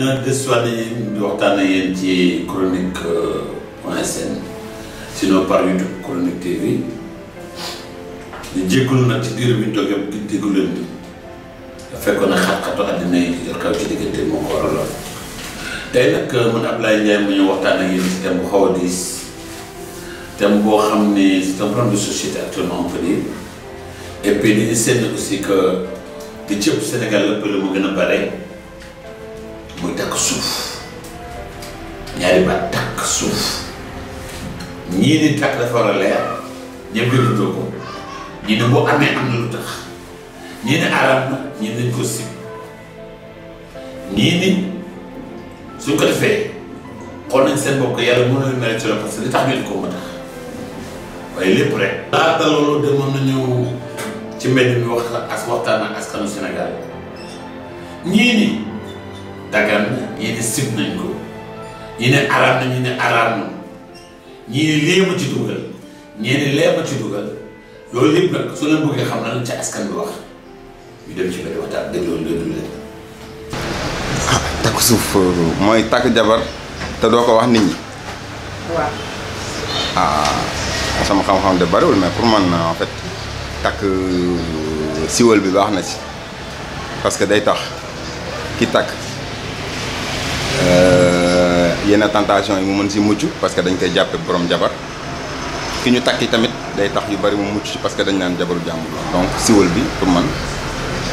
dina desuwaat yéen di waxtaan ak yéen ci chronique point sn sinon par youtube chronique tv di jégalu nag ci diir bi ñu toog yëpp di déglu leen bi fekkoon na xat-xatu àddina yi xew ci diggante moo ko waraloon tey nag man Ablaye Ndiaye mu ñu waxtaan ak yéen ci thème bu xaw a diis thème boo xam ni c'est un problème de société actuellement on peut dire et puis dañu seetlu aussi que di cëpp Sénégal lépp la mu gën a bare muy takk suuf ñaari baat takk suuf ñii di takk dafa war a leer ñëpp yëngatuñu ko ñii ne bu amee am na lu tax ñii ne arab na ñii dañ ko sib ñii ni suñ ko defee xool nañ seen bopp yàlla mën na leen ci loolu parce que li tax ñu di ko ma tax waaye lépp rek. laata loolu demoon nañu ci mbedd mi wax as waxtaan ak askanu Sénégal ñii ni dagan ñii ne nañ ko ñii ne araam ne araam na ñii ne ci dugal ñii ne ci dugal loolu lépp nag su leen bëggee xam na lañ ca askan bi wax ñu dem ci benn waxtaan ah, takk suuf mooy takk jabar te doo ko wax nit ñi waaw ah sama xam-xam de bariwul mais pour man en fait takk euh, siwal bi baax na ci parce que day tax ki takk Eh, yena tentation yi mu mën ci muccu parce que dañ koy jappé borom jabar ki ñu takki tamit day tax yu bari mu muccu parce que dañ nan jabaru jàmbur la donc siwol bi pour man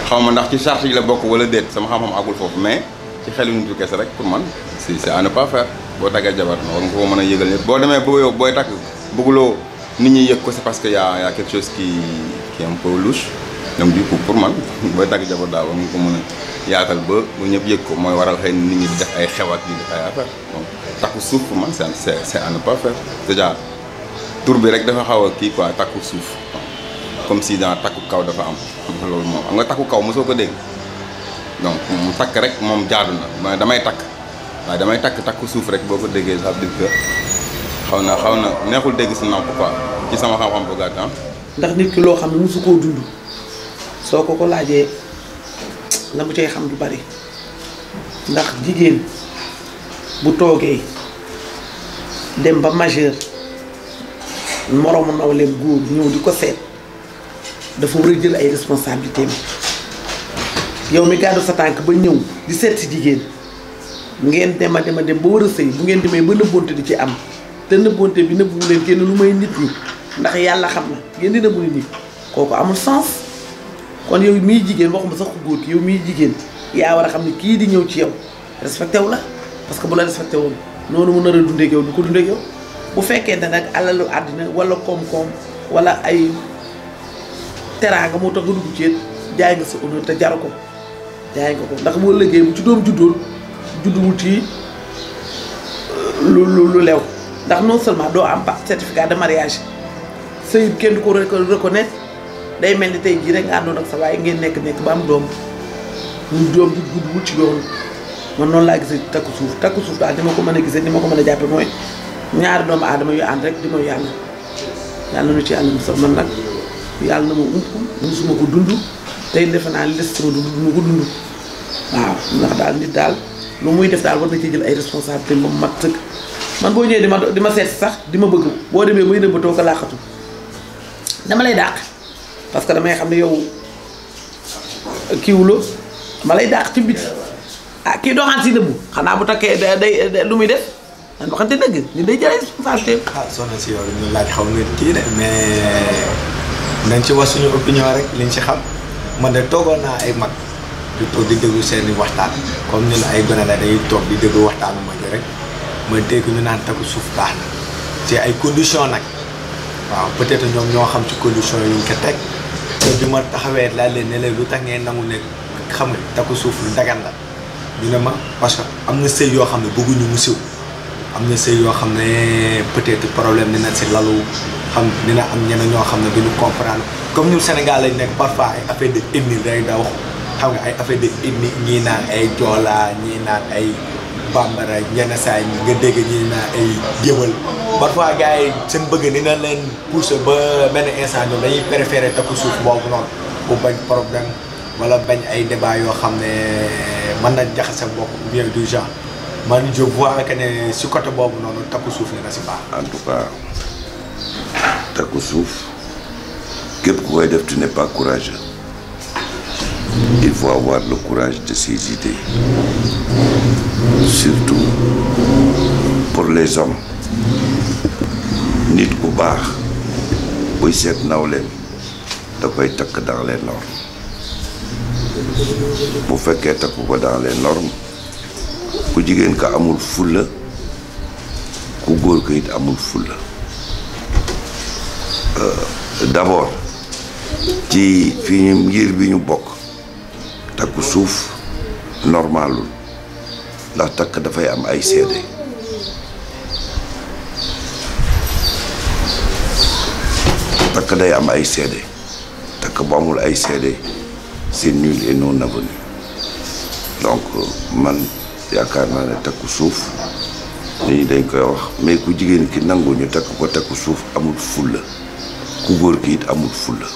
xawma ndax ci charge yi la bokk wala déet sama xam-xam agul fofu mais ci xel ñu tukess rek pour man si c'est à ne pas faire bo taggee jabar no ko mëna yëgal ni bo démé bo yow boy tak bugulo nit ñi yëk ko c'est parce que y'a y'a quelque chose qui qui est un peu louche donc du coup pour man boy tagg jabar da war nga ko mëna yaatal ba mu ñep yëg ko moy waral xey nit ñi def ay xewat ñi def ay affaire donc takku suuf pour man c'est c'est à ne pas faire déjà tour bi rek dafa xaw a quoi takku suuf comme si dans takku kaw dafa am lool mom nga takku kaw mu soko deg donc mu tak rek mom jaadu na ma damay tak wa damay tak takku suuf rek boko degge sa dig veut xawna xawna neexul dégg si namp quoi ci sama xam-xam bu gàtt ah. ndax nit ki lo xam ne dund soko ko laaje la mu cee xam du bari ndax jigéen bu toogee dem ba majeur moroomu nawleem góor ñëw di ko seet dafa war a jël ay responsabilité mi yow mi gàddu sa tànk ba ñëw di seet si jigéen ngeen dema dema dem ba war a sëy bu ngeen demee ba nëbbonte di ci am te nëbbonte bi nëbbu leen génn lu may nit yi ndax yàlla xam na ngeen di nëbbu nit ñi kooku amul sens kon yow miy jigéen waxuma sax ku góor yow miy jigéen yaa war a xam ne kii di ñëw ci yaw yow respecté tew la parce que bu la respecté woon noonu mu nar a dundeeg yow du ko dundeeg yow bu fekkee ne nag alalu àddina wala koom-koom wala ay teraanga moo tax nga dugg ci jaay nga sa honneur te jaru ko jaay nga ko ndax boo liggéey bu ci doom juddoon judduwul ci lu lu lu lew ndax non seulement doo am certificat de mariage sëy kenn du ko reconnaître day mel ni tey jii rek nga àndoon ak sa waaye ngeen nekk nekk ba am doom ñu doom di gudd wut ci yoon man noonu laa gisee takku suuf takku suuf daal ni ma ko mën a gisee ni ma ko mën a jàppe mooy ñaari doomu aadama yu ànd di mooy yàlla yàlla nu ci yàlla mu sax man nag na ma ump musuma ko dund tey defe naa li des sama dund du ma ko dund waaw ndax daal nit daal lu muy def daal war na ci jël ay responsabilité ba mu mat sëkk man boo ñëwee di ma di ma seet sax di ma bëgg boo demee bay nëbbatoo ko laaxatu dama lay dàq parce que damay xam ne yow kiiwuloo ma lay dàq ci biti ah kii doxaan si dëbbu xanaa bu takkee day lu muy def man waxante dëgg ni day jëlee responsabilité ah soxna si ñu laaj xaw na kii de mais nañ ci wax suñu opinion rek liñ ci xam man de toogoon naa ay mag di toog di déglu seeni waxtaan comme ñun ay gone la day toog di déglu waxtaanu mag rek ma dégg ñu naan takku suuf baax na ci ay conditions nag waaw peut-être ñoom ñoo xam ci conditions yi ñu ko teg. te bi ma taxawee laaj leen ne lu tax ngeen nangu ne xam nga takku suuf lu dagan la ñu ne ma parce que am na sëy yoo xam ne bëgguñu mu siw am na sëy yoo xam ne peut-être problème dina si lalu xam na am ñeneen ñoo xam ne duñu comprendre comme ñun Sénégal lañ nekk parfois ay affaire de ethnie day daw xam nga ay affaire de ethnie ñii naan ay joola ñii naan ay. bambara ñenn saa yi nga dégg ñi naa ay géwël parfois gars yi seen bëgg dina leen pousser ba benn instant ñoom dañuy préférer takku suuf boobu noonu bu bañ problème wala bañ ay débat yoo xam ne eh, mën na jaxase bopp bien du genre man je vois que ne si côté boobu noonu takku suuf ne na si baax. en tout cas takku suuf képp ku koy def tu n'es pas courageux. faut avoir le courage de ses idées. Surtout pour les hommes. Nid Koubar, baax buy seet nawleem da koy dans les normes bu fekkee takku pas dans les normes ku jigéen ka amul fulla ku góor ko it amul fou. Euh, d'abord ci finis ñu ngir bi ñu takku suuf normalul ndax takk dafay am ay seede takk day am ay seede takk bu amul ay seede c'est nul et non avenu donc man yaakaar naa ne takku suuf nit dañ koy wax mais ku jigéen ki nangu ñu takk ko takku suuf amul fulla ku góor ki it amul fulla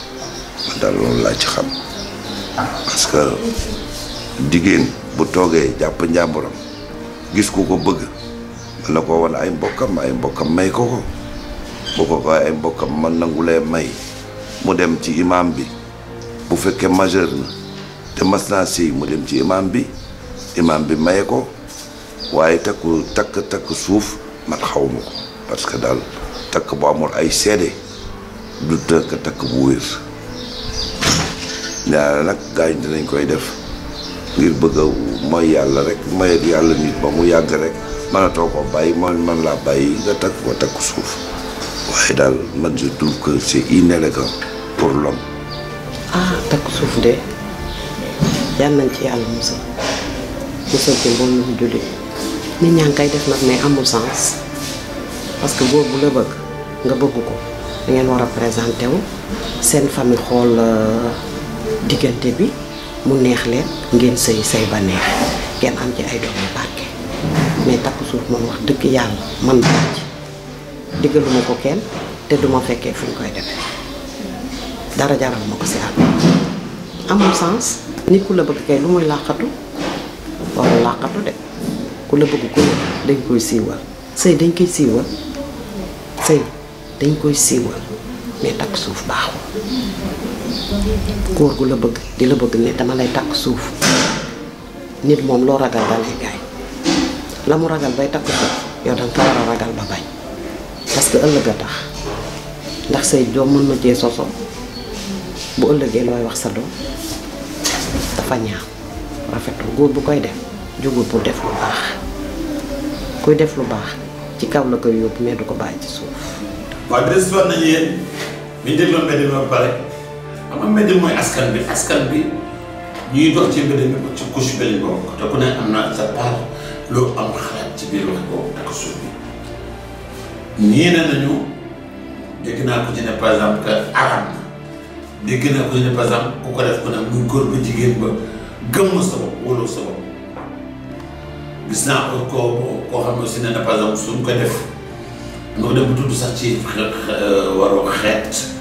man daal loolu laa ci xam parce que jigéen bu toogee jàpp njàmburam gis ku ko bëgg mën na ko wan ay mbokkam ay mbokkam may ko ko bu ko ko ay mbokkam man nangulee may mu dem ci imam bi bu fekkee majeur na te mas naa sëy mu dem ci imam bi imam bi maye ko waaye takku takk takk suuf man xaw ma ko parce que daal takk bu amul ay seede du takk takk bu wér ñaare nag gaañ dinañ koy def ngir bëgg a mooy yàlla rek may ak yàlla nit ba mu yàgg rek mën a too ko bàyyi man man la bàyyi nga takk ko takk suuf waaye daal man je trouve que c' inélégant pour l'homme ah takk suuf de yàlla nañ ci yàlla musa musa ci mbool mu julli nit ñaa ngi koy def nag mais amul sens parce que góor bu la bëgg nga bëgg ko da ngeen war a wu seen famille xool euh, digënté bi mu neex leen ngeen sey sey ba neex ngeen am ci ay doomu barké mais takk suuf moom wax dëgg yàlla man ba ci diggaluma ko kenn té duma féké fuñ koy défé dara jaral mako ko am am sens ni ku la bëgg kay lu muy laqatu wa laqatu dé ku la bëgg ko dañ koy siiwal sey dañ koy siiwal sey dañ koy siiwal mais takk suuf baaxul góor gu la bëgg di la bëgg ne dama lay takk suuf nit moom loo ragal da lay gaañ la mu ragal bay takk suuf yow danga ko war a ragal ba bañ parce que ëllëg a tax ndax say doom mën na cee soso bu ëllëgee looy wax sa doom dafa ñaaw rafetul góor bu koy def jógul pour def lu baax kuy def lu baax ci kaw la koy yóbbu mais du ko bàyyi ci suuf. waaw bi de si nañu yéen bi ñu dégloon benn bi pare. xam nga mbedd mooy askan bi askan bi ñuy dox ci mbedd mi ci couche bi lañ te ku ne am na sa part loo am xalaat ci biir wax boobu ak suuf bi ñii ne nañu dégg naa ko ci ne par exemple na dégg naa ku ko def ku ne muy góor ba jigéen ba gëmm sa bopp wóolu gis naa ko koo koo xam ne aussi ne na par suñ ko def nga dem bu tudd sax ci waroo xeet euh,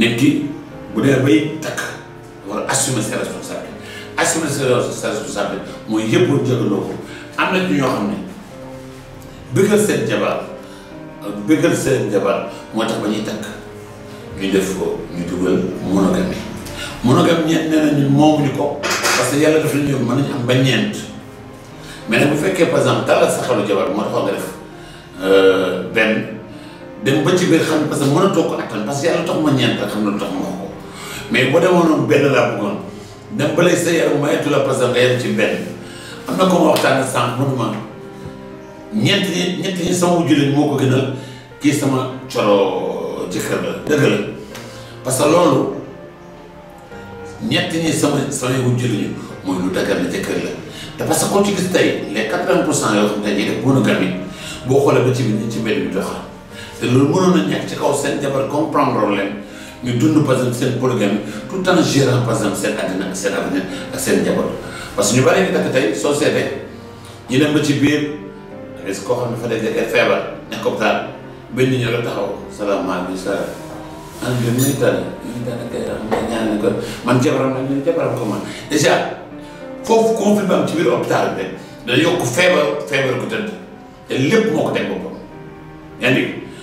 nit ki bu dee bay takk war a assumer ses responsabilités assumer ses responsabilités mooy yëppoon jëgaloo ko am na ci ñoo xam ne bëggal seen jabar bëggal seen jabar moo tax ba ñuy takk ñu def ko ñu dugal monogamie monogame ñeent nee nañu moomuñu ko parce que yàlla daf la ñu mën nañu am ba ñeent mais nag bu fekkee par exemple dalal sa xelu jabar moo taxoon nga def euh, benn. dem ba ci biir xam parce que mënatoo ko attan parce yàlla tax ma ñeent rek na lu tax ko mais boo demoon benn laa bëggoon dem ba léegi sa yaram mayetu la parce que ci benn am na ko ma waxtaanee sànq mënuma ñeent ko kii sama coro jëkkër la que loolu ñett ñi sama sama wujju lañu mooy lu daggal jëkkër la te parce que koo ci gis tey les quatre-vingt pour cent yoo xam ne dañuy boo xoolee ba ci biir ci mbedd bi doxal. te loolu mënoon na nekk ci kaw seen jabar comprendre leen ñu dund par exemple seen polygame tout temps gérant par exemple seen àddina ak ak seen jabar parce que ñu bari ñu takk feebar nekk hôpital la ci biir hôpital bi da yokk feebar feebar ko tëdd te lépp moo ko teg boppam yaa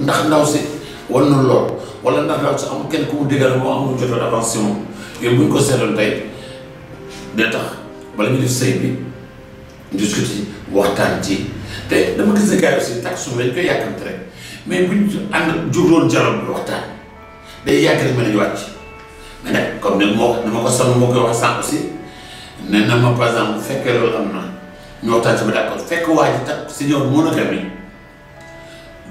ndax ndaw si war na lool wala ndax ndaw si amul kenn ku mu déggal moo amul jot a avancé moom yooyu bu ñu ko seetoon tey day tax bala ñu def sëy bi discuter waxtaan ci te dama gis ne gars yi aussi tax suñu lañ koy yàkkamte rek mais buñ ànd jubloon jaral bi waxtaan day yàgg rek mën nañu wàcc mais nag comme ne moo dama ko sonn moo koy wax sànq aussi nee na ma par exemple bu fekkee loolu am na ñu waxtaan ci ba d'accord fekk waa ji tax si ñëw mën a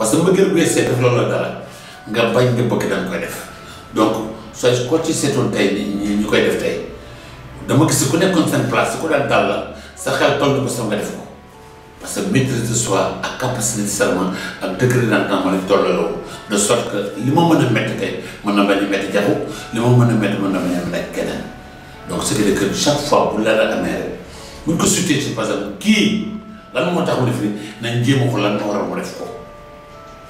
parce que mbëggeel bu seet def loolu la dara nga bañ nga bëgg da nga koy def donc soo ko ci seetoon tey nii ñu koy def tey dama gis ku nekkoon seen place ku daan dal la sa xel toll ko sax nga def ko parce que maîtrise de soi ak capacité discernement ak degré d'entendement lañ tollaloo de sorte que li ma mën a métti tey mën na bañ a métti jaxu li ma mën a métti mën na bañ a métti keneen donc ce qui que chaque fois bu la la amee rek buñ ko sutee ci par exemple kii lan moo tax mu def ni nañ jéem a ko lan moo war a mu def ko.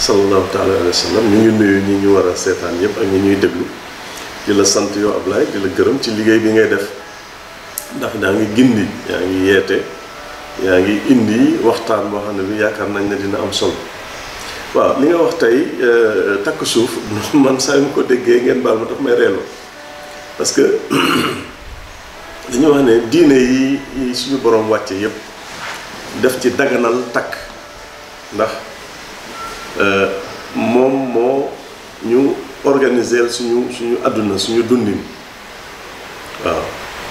sallallahu taala alayhi wa sallam ñu ngi nuyu ñi ñu war a seetaan yëpp ak ñi ñuy déglu di la sant yoo Ablaye di la gërëm ci liggéey bi ngay def ndax daa ngi gindi yaa ngi yeete yaa ngi indi waxtaan boo xam ne bi yaakaar nañ ne dina am solo waaw li nga wax tey euh, takk suuf man saa yu ko déggee ngeen baal ma daf may reeloo parce que dañu wax ne diine yi suñu borom wàcce yëpp def ci daganal takk ndax Euh, moom moo ñu organiser suñu suñu àdduna suñu dundin waaw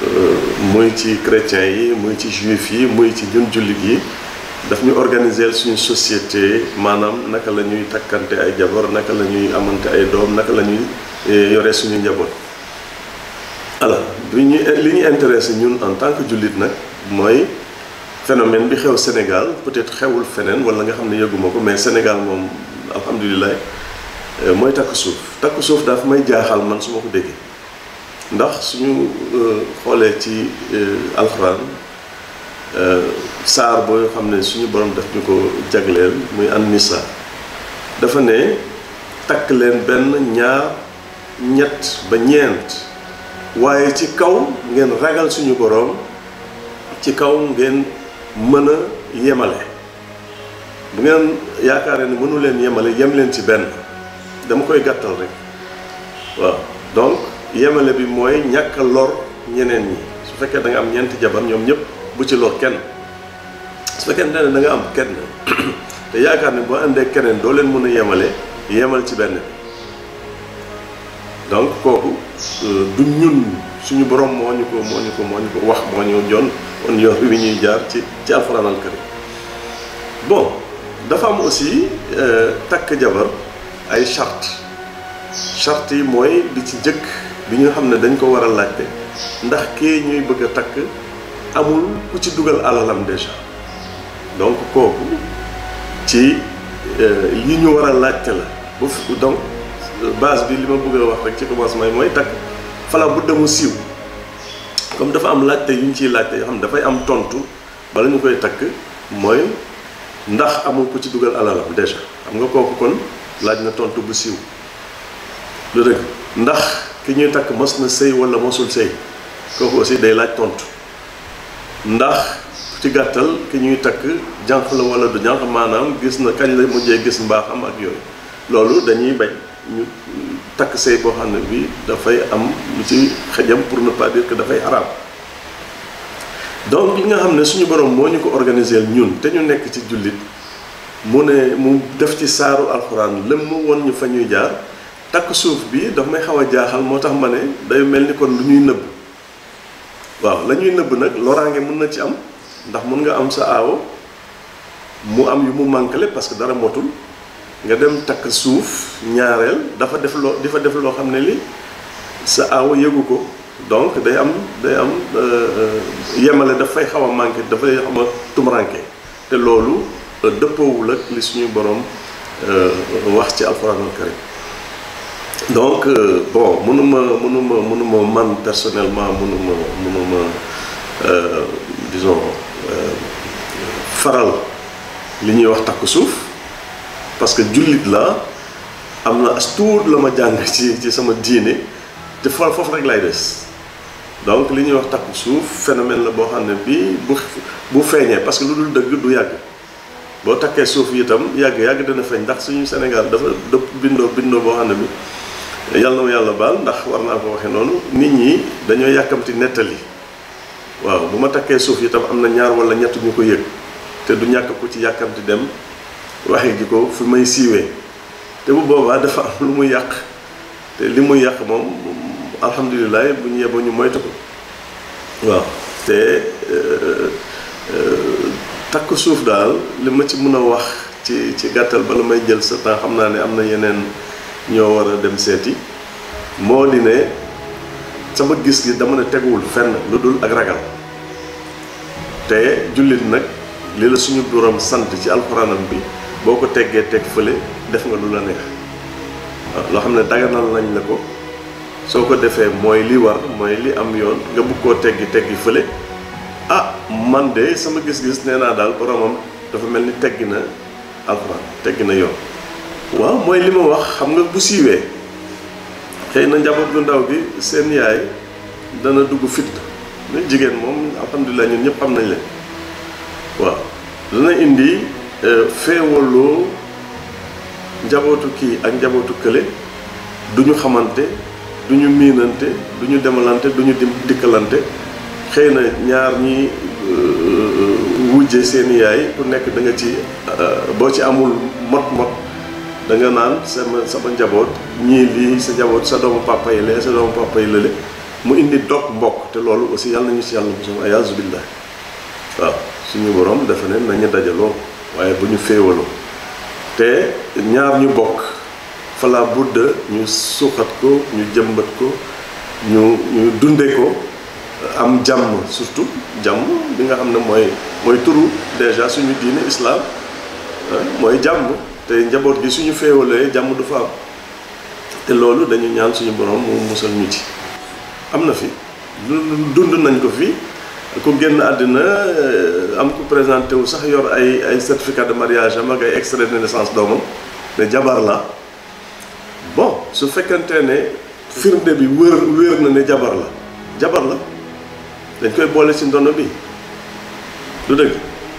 euh, muy ci chrétiens yi muy ci juif yi muy ci ñun jullit yi daf ñu organiser suñu société maanaam naka la ñuy takkante ay jabar naka la ñuy amante ay doom naka la ñuy eh, yore suñu njaboot alors bi ñu li ñun en tant que jullit nag mooy phénomène bi xew Sénégal peut-être xewul feneen wala nga xam ne yëguma ko mais Sénégal moom alhamdulilah euh, mooy takk suuf takk suuf daf may jaaxal man su ma ko déggee ndax suñu euh, xoolee ci euh, alxuraan saar boo xam ne suñu borom daf ñu ko jagleel muy an nisa dafa ne takk leen benn ñaar ñett ba ñeent waaye ci kaw ngeen ragal suñu borom ci kaw ngeen mën a yemale bu ngeen yaakaaree ni mënu leen yemale yem leen ci benn dama koy gàttal rek waaw donc yemale bi mooy ñàkk lor ñeneen ñi su fekkee da am ñeenti jabar ñoom ñëpp bu ci lor kenn su fekkee ne da am kenn te yaakaar ne boo àndee keneen doo leen mën a yemale yemal ci benn donc kooku euh, du ñun suñu boroom moo ñu ko moo ñu ko wax moo ñu joon kon yor wi ñuy jaar ci ci alxuraan al bon dafa am aussi euh, takk jabar ay charte charte yi mooy bi ci jëkk bi ñu xam ne dañ ko war a laajte ndax kee ñuy bëgg a takk amul ku ci dugal alalam déjà donc kooku ci yi euh, ñu war a laajte la bu donc base bi li ma bëgg a wax rek ci commencement yi mooy takk fala bu demu siiw comme dafa am laajte yu ñu ciy laajte yoo xam ne dafay am tontu bala ñu koy takk mooy ndax amul ku ci dugal alalam déjà xam nga kooku kon laaj na tontu bu siiw lu dëgg ndax ki ñuy takk mos na sëy wala mosul sëy kooku aussi day laaj tontu ndax ci gàttal ki ñuy takk jànq la wala du jànq maanaam gis na kañ la mujjee gis mbaaxam ak yooyu loolu dañuy bañ tak sey bo xamne bi da fay am lu ci xajam pour ne pas dire que da fay haram donc li nga xamne suñu borom mo ñu ko organiser ñun te ñu nekk ci julit mu ne mu def ci saaru alquran lem mu won ñu fa ñuy jaar tak suuf bi da may xawa jaaxal motax mané day melni kon lu ñuy neub waaw lañuy neub nak lorange mën na ci am ndax mën nga am sa aawo mu am yu mu mankalé parce que dara motul nga dem takk suuf ñaareel dafa def loo dafa def loo xam ne li sa aawa yëgu ko donc day am day am euh, yemale dafay xaw a manqué dafa xaw a tumuranke te loolu euh, dëppoowul ak li suñu borom euh, wax ci alxuraanul karim donc bon mënuma mënuma mënuma man personnellement mënuma mënuma disons faral li ñuy wax takk suuf parce que julit la Amna astour lama tuut la ma ci ci sama diine te fof fof rek lay dess donc li ñuy wax takku souf phénomène la bo xamné bi bu bu feeñee parce que lu deug du yag bo takké souf itam yag yag dana feñ ndax suñu sénégal dafa dëpp bindo bindo boo xam bi yalla na yalla bal ndax warna ko waxé nonu nit ñi dañoo yakamti netali waaw bu takké souf itam ñaar wala ñett ñuko yegg té du ñak ko ci yakamti dem waxee ji ko fu may siiwee te bu boobaa dafa am lu mu yàq te li mu yàq moom alhamdulilah bu ñu yeboo ñu moytu ko waaw te euh, euh, takk suuf daal li ma ci mën a wax ci ci gàttal bala may jël sa temps xam naa ne am na yeneen ñoo war a dem seeti moo di ne sama gis gi dama ne teguwul fenn lu dul ak ragal te jullit nag li la suñu borom sant ci alxuraanam bi boo ko teggee teg fële def nga lu la neex waaw loo xam ne daganal nañ la ko soo ko defee mooy li war mooy li am yoon nga bëgg koo teggi teggi fële ah man de sama gis-gis nee naa daal boromam dafa mel ni teggi na alxuraan teggi na yoon waaw mooy li ma wax xam nga bu siiwee xëy na njaboot lu ndaw bi seen yaay dana dugg fit na jigéen moom alhamdulilah ñun ñëpp xam nañ leen waaw dana indi Euh, féewaloo njabootu kii ak njabootu kële du ñu xamante du ñu miinante du ñu demalante du ñu dikkalante xëy na ñaar ñi euh, euh, wujje seeni yaay ku nekk danga nga ci boo ci amul mot-mot da naan sama sama njaboot ñii lii sa njaboot sa doomu papa yi lee sa doomu papa mu indi dog mbokk te loolu aussi yàlla nañu si yàlla mosul ayaazu billah waaw suñu borom dafa ne nañu dajaloo. waaye bu ñu féewaloo te ñaar ñu bokk fala budda ñu suuxat ko ñu jëmbat ko ñu ñu dunde ko am jàmm surtout jàmm bi nga xam ne mooy mooy turu déjà suñu diine islaam mooy jàmm te njaboot bi suñu féewalee jàmm du fa am te loolu dañu ñaan suñu borom mu musal ñu ci am na fi dund nañ ko fii ku génn àddina euh, am ku présenté wu sax yor ay ay certificat de mariage am ak ay extrait de naissance doomam ne jabar la bon su fekkante ne firnde bi wër wér na ne jabar la jabar la dañ koy boole ci ndono bi lu dëgg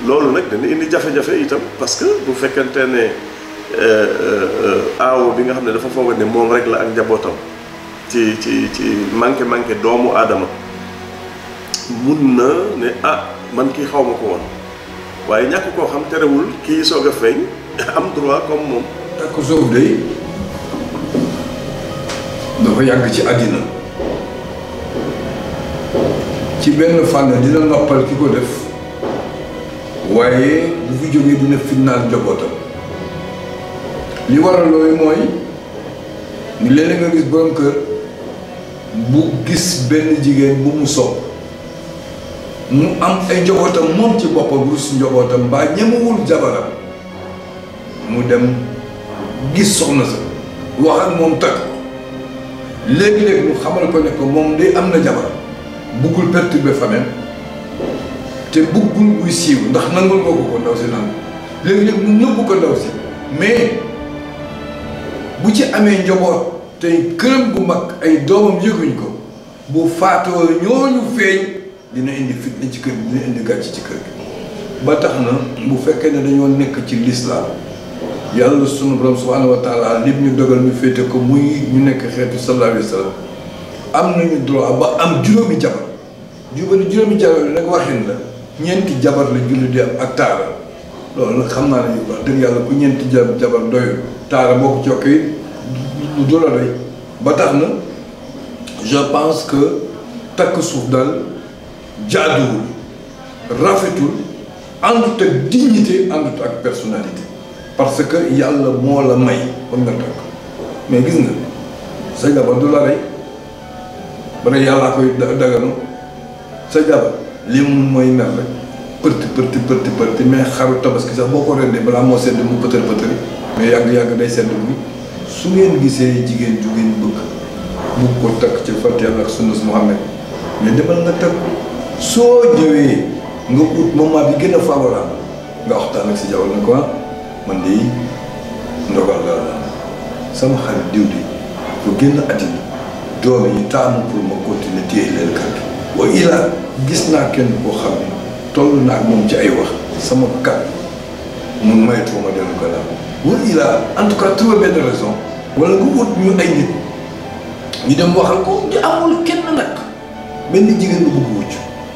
loolu nag dana indi jafe-jafe itam parce que bu fekkante ne euh, euh, aawo bi nga xam ne dafa foog ne moom rek la ak njabootam ci ci ci manqué manqué doomu aadama mun na ne ah man ki xaw ma ko woon waaye ñàkk koo xam terewul kii soog a am droit comme moom takk soof day dafa yàgg ci àddina ci benn fànn dina noppal ki ko def waaye bu fi jógee dina finnaal njabootam li waral loolu mooy ni léeg nga gis borom kër bu gis ben jigen bu mu sopp mu am ay njabootam moom ci boppam rus njabootam mbaa ñemewul jabaram mu dem gis soxna sa wax ak moom takk léegi-léegi mu xamal ko ne moom day am na jabar buggul perturber famem te buggul muy siiw ndax nangul nga ko ko ndaw si nangu léegi-léegi mu nëbbu ko ndaw si mais bu ci amee njaboot tey këram gu mag ay doomam yëguñ ko bu faatoo ñooñu feeñ dina indi fitna ci kër gi dina indi gàcc ci kër gi ba tax na bu fekkee ne dañoo nekk ci lislaam yàlla sunu borom subhaanahu wa taala lépp ñu dogal ñu féete ko muy ñu nekk xeetu sallallahu alayhi wa am nañu droit ba am juróomi jabar jubali juróomi jabar bi nag waxin la ñeenti jabar la julli di am ak taara loolu xam naa ne wax dëgg yàlla ku ñeenti jabar doyul taara boo ko jokkoo du la doy ba tax na je pense que takk suuf daal jaaduwul rafetul àndut ak dignité àndut ak personnalité parce que yàlla moo la may kon nga takk mais gis nga sa jabar du la rey ba ne yàllaa koy daganu sa jabar li mu mooy mer rek përti përti përti përti mais xaru tabaski sax boo ko rendee balaa moo sedd mu pëtër pëtëri mais yàgg-yàgg day sedd bi su ngeen gisee jigéen ju ngeen bëgg bu ko takk ci fàtte yàlla ak sunnas Muhammad mais demal nga takk soo ñëwee nga ut moment bi gën a favorable nga waxtaan ak si jaww na ko ah, man de ndogal la sama xarit diw di génn àddina doom yi taamu pour ma continuer téye leen kàddu wa ilaa gis naa kenn koo xam ne toll naa ak moom ci ay wax sama kàddu mun maytoo ma dellu gannaaw wa ilaa en tout cas trouver benn raison wala nga ut ñu ay nit ñu dem waxal ko ñu amul kenn nag benn jigéen bu bëgg wucc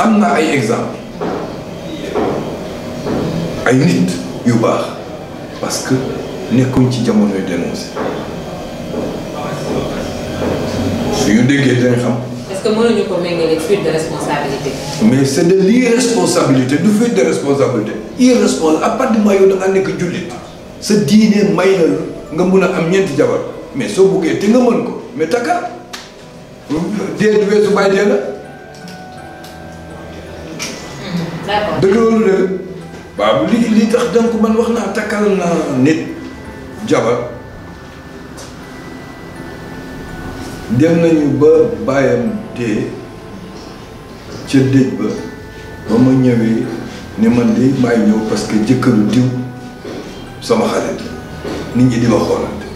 xam ay exemple ay nit yu bax parce que nekkuñ ci jamono jamonoy dénoncé suñu déggee dinañ xam. est-ce que mënuñu ko méngale fuite de responsabilité. mais c'est de l'irresponsabilité du fuite de responsabilité irresponsable à partir du moment yow da nga nekk jullit sa diine may na nga mun am ñeenti jabar mais soo buggee te nga mën ko mais takka dee du weesu bàyyi dee la. d'accord de loolu la waaw li li tax donc man wax naa takkal naa nit jabar dem nañu ba bàyyam dee ca dëj ba ba ma ñëwee ne man de maay ñëw parce que jëkkëru diw sama xarit nit ñi di ma xoolante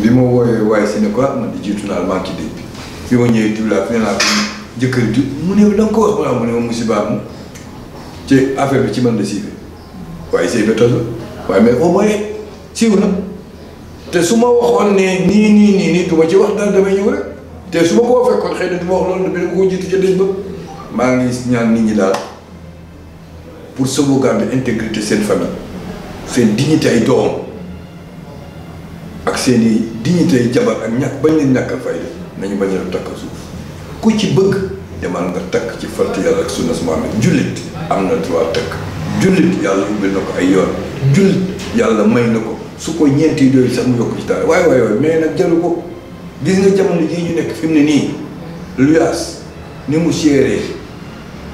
bi ma wooyee waaye si ne quoi man di jiitu naa maa ci dëj bi bi ma ñëwee diw laa fi ne naa ko jëkkër ju mu ne da ko wax mu ne ma musiba mu ci affaire bi ci man de siiwee waaye sëy ba toj waaye mais au moins siiw na te su ma waxoon ne nii nii nii nii ma ci wax daal damay ñëw rek te su ma koo fekkoon xëy na du ma wax loolu dama ko jiitu ca dëj ba maa ngi ñaan nit ñi daal pour sauvegarder intégrité seen famille seen dignité ay doom ak seen i dignité ay jabar ak ñàkk bañ leen ñàkk a nañu bañ a takk suuf. ku ci bëgg demal nga takk ci fàtt yalla ak sunna su julit amna am na droit takk jullit yàlla ubbil na ay yoon julit yalla may nako su ko ñenti doy sax mu yok ci dara way way way mais nak jëru ko gis nga jamono ji ñu nek fi ne ni mu xéré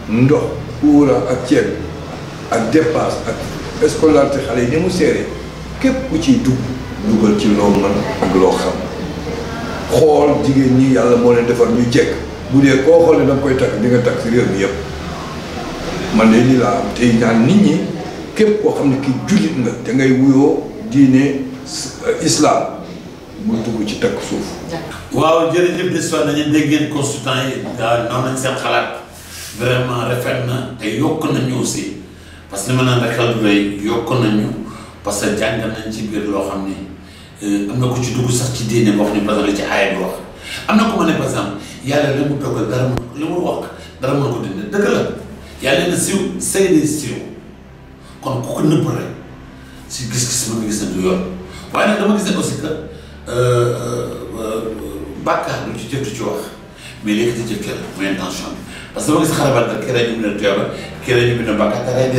ndox oura ak ceeb ak dépasse ak escolarité xalé ni mu xéré képp ku ci dugg dugal ci lo man ak lo xam xol jigen ñi yalla mo leen defal ñu jek bu dee ko xoolee da koy tak di nga tak ci réew mi yëpp man de lii laa am tey ñaan nit ñi képp ko xam ki julit nga da ngay wuyo diine euh, islam mu dugg ci tak suuf waaw jërëjëf de soit dañu dégg ngeen consultant yi da non nañ seen xalaat vraiment refet na te na ñu aussi parce que man na naan rek la du rëy yokk nañu parce que jàng nañ ci biir lo xam Euh, am na ko ci dugg sax ci diine wax ni par exemple ci aaya wax am na ko ma ne par exemple yàlla la mu toggal dara li mu wax dara mën ko dindi dëgg la na siiw say ne siiw kon ku ko nëpp rek si gis-gis ma nga gis ne du yoon waaye nag dama gis ne aussi que euh, euh, bàkkaar lu ci jëf ci wax mais léegi di jëf kenn muy intention bi parce que dama gis xarabaat ka kii rek ñu mën a tuyaaba kii rek ñu mën a bàkkaar ka rey di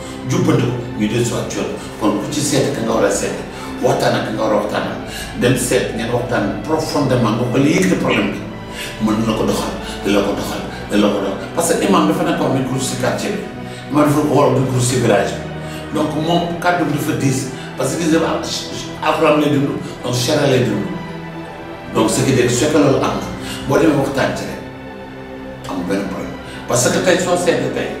jubbanti ko ñu dee soit yoon kon ku ci seet ka nga war a seet waxtaan ak ka nga war a waxtaanal dem seet ngeen waxtaan profondément nga ko li yëg problème bi mën na la ko doxal da la ko doxal da la ko doxal parce que imam dafa nekkoon ne groupe si quartier bi imam dafa war a groupe si village bi donc moom kàddu bi dafa diis parce que gis nga Abraham lay dund donc Chara lay dund donc ce qui veut dire su fekkee loolu am na boo demee waxtaan ci rek amul benn problème parce que tey soo seetee tey.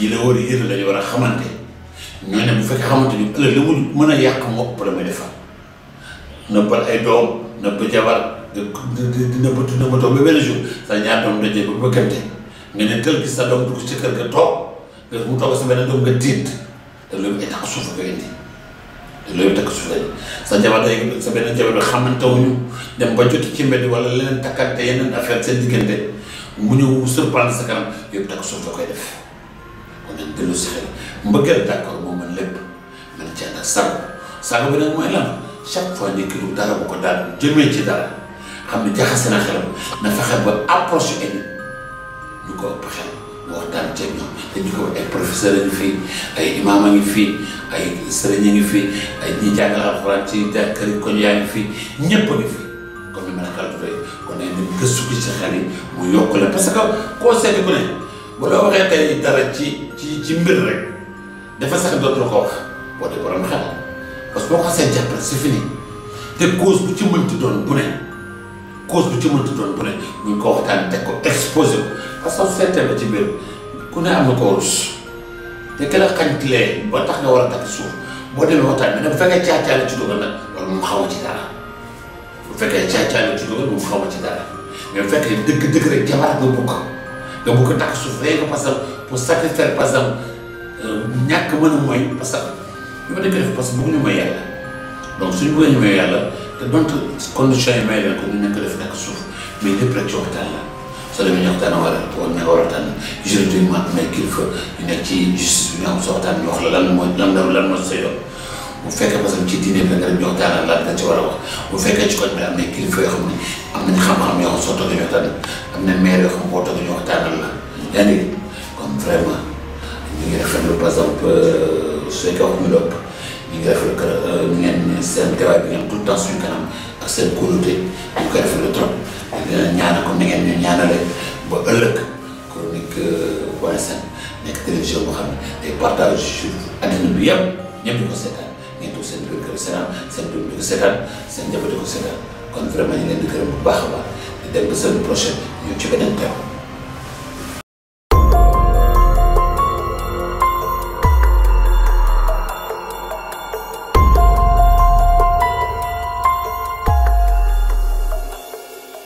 ñi la war a yër lañu war a xamante ñoo ne bu fekkee xamante ñu ëllëg la mu mën a yàq mopp la muy defar nëbbal ay doom nëbb jabar nëbbatu di ba benn jour sa ñaar doom dajee ba bëggante nga ne tël gis sa doom dugg ci kër toog nga mu toog sa beneen doom nga tiit te loolu ay takk takk suuf lañ sa jabar day sa beneen jabar bi xamante wuñu dem ba joti ci mbedd wala leneen takkante yeneen affaire seen diggante mu ñëw surprendre sa kanam yëpp takk suuf la koy def mën a dellu si xel mbëggeel d'accord moo mën lépp mën ci ànd ak sago sago bi nag mooy lan chaque fois nekk lu dara bu ko daal jëmee ci dara xam ne jaxase na xelam na fexe ba approche yu ñu ko ëpp xel waxtaan ceeb ko ay professeur a ngi fii ay imaam a ngi fii ay sëriñ a fii ay ñi jàngal alxuraan ci kër koñ yaa ngi fii ñépp ngi fii kon ni mën a kaltu kon ne nañ gëstu ci xel yi mu yokk la parce koo seeti ku ne bu la waxee tey dara ci ci ci mbir rek dafa sax dootul ko wax boo dee borom xel parce que boo ko xasee jàpp rek c'est fini te cause bu ci mënti doon bu ne bu ci mënti doon bu ne buñ ko waxtaan teg ko exposé parce que seetee ba ci mbir ku ne am na koo rus te kenn xañtilee ba tax nga war a takk suuf boo demee waxtaan bi nag bu fekkee caacaale ci dugal nag loolu moom xaw ci dara bu fekkee caacaale ci dugal moom xaw ci dara mais fekkee dëgg-dëgg rek jabar nga bokk. nga bu ko takk suuf rek nga parce que pour satisfaire par exemple euh, ñàkk mën a mooy parce que li ma dëkk def parce que bëgguñu mooy yàlla donc suñu bëggee ñu mooy yàlla te donte condition yi may leen ko ñu nekk def takk suuf mais lépp rek coxtaan la soo demee ñu waxtaan war a war na war a tànn juridiquement am ay kilifa yu nekk ci justice bi nga xam soo waxtaan ñu wax la lan mooy lan lan mooy sa yoon وفكر مثلا كي ديني من غير ميو تاعنا لا بدا تورا وفكر تشكون من امي كي فيا خمني امي خمها ميو صوتو ديو تاعنا امي ميري خم بوتو ديو تاعنا لا يعني كون فريما ميغير خم لو بازا بو سيكا كملوب ميغير خم لو كرا ميان سان تاعي ميان كل تاسو كلام اكسل كولوتي ميغير خم لو تروب ñaana ko ni ngeen ñaanal ba ëlëk ko nek point 5 nek télévision bo xamné day partage sur adina bi ngeen toog seen biir kër seetaan seen doom di ko seetaan seen jabar di ko seetaan kon vraiment ñu leen di bu baax a baax di dem ba semaine prochaine ñu ci beneen teew